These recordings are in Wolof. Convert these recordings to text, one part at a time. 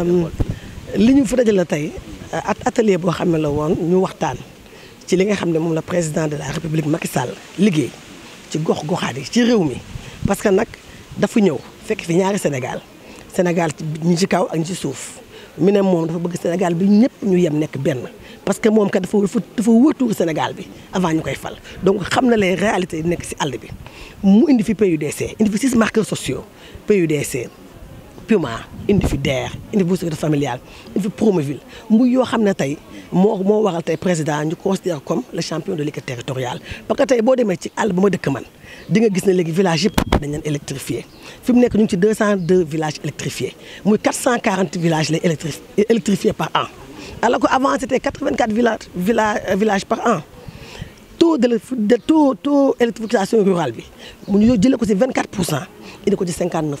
Euh, li ñu fa dajale tey euh, at atelier bo xam ne la woon ñu waxtaan ci li nga xam mom la président de la république Macky Sall liggéey ci gox goxaat yi ci réew mi. parce que nak dafa ñëw fekk fi ñaari Sénégal Sénégal ñi ci kaw ak ñi ci suuf mu ne moom dafa bëgg Sénégal bi ñëpp ñu yam nek ben parce que mom ka dafa dafa wëtuur Sénégal bi avant ñu fal donc xam na les réalités yi nekk si bi mu indi fi PUDC indi fi six marqueurs sociaux PUDC. Puma indi fi DER indi fi une sécurité familiale une fi Promoville muy yoo xam ne tey waral le président ñu considère comme le champion de l'équipe territoriale parce que si vous demee ci àll vous ma dëkk man di nga gis ne léegi village yëpp dañ leen électrifié fi 202 villages électrifiés a 440 villages électrifiés par an alors qu'avant, c'était 84 euh, villages par an taux de de taux tout électrification rurale nous mu ñu c'est 24 Il y 59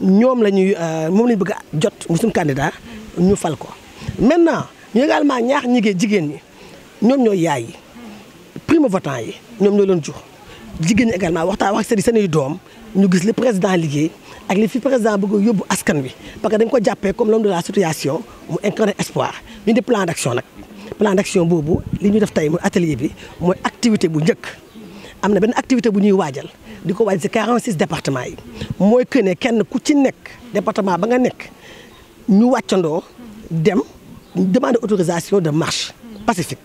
ñoom la ñuy euh, moom la ñu bëgg a jot mu suñu ñu fal ko maintenant ñu également ñaax ñigee jigéen ñi ñoom ñoo yaay yi primo votant yi ñoom ñoo leen jox jigéen ñi également waxtaan wax seen seen i doom ñu gis li président liggéey ak li fi président bëgg yóbbu askan wi parce que dañ ko jàppee comme l'homme de la situation mu incarne espoir ñu di plan d' action nag plan d' action boobu li ñu def tey mooy atelier bi mooy activité bu njëkk am ben une activité bu ñuy wajal diko ko ci 46 départements yi moy que ne kenn ku ci nekk département ba nga nekk ñu waccando dem demander autorisation de marche pacifique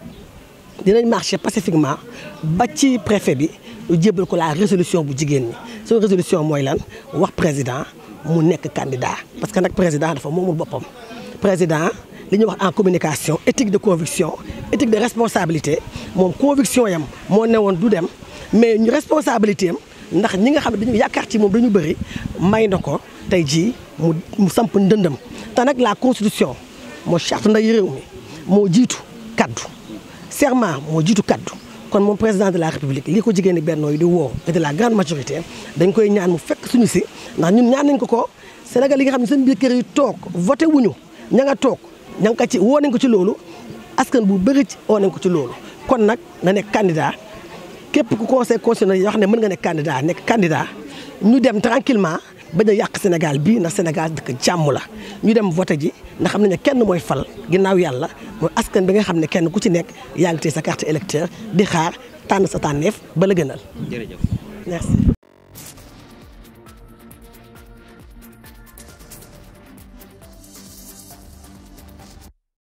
dinañ marcher pacifiquement ba ci préfet bi jébbal ko la résolution bu résolution ni suñu résolution moy lan wax président mu nekk candidat parce que nak président dafa momul boppam président li ñu wax en communication éthique de conviction éthique de responsabilité mom conviction yam mo néwon du dem mais ñu responsabilité am ndax ñi nga xam ne dañu yaakaar ci moom dañu bëri may na ko tey jii mu mu samp ndëndam te nag la constitution moo charte nday réew mi moo jiitu kaddu serment moo jiitu kaddu kon moom président de la république lii ko jigéen ñi bennoo yi di woo et de la grande majorité dañ koy ñaan mu fekk suñu si ndax ñun ñaan nañ ko ko Sénégal yi nga xam ne seen biir kër toog voté wuñu ña nga toog ña nga ko ci woo nañ ko ci loolu askan bu bëri ci woo nañ ko ci loolu kon nag na nekk candidat képp ku conseil constitutionnel yoo xam ne mën nga nekk candidat nekk candidat ñu dem tranquillement ba a yàq Sénégal bii ndax Sénégal dëkk jàmm la ñu dem voté ji ndax xam nañ ne kenn mooy fal ginnaaw yàlla mooy askan bi nga xam ne kenn ku ci nekk yaa ngi téye sa carte électeur di xaar tànn sa tànneef ba la gënal. jërëjëf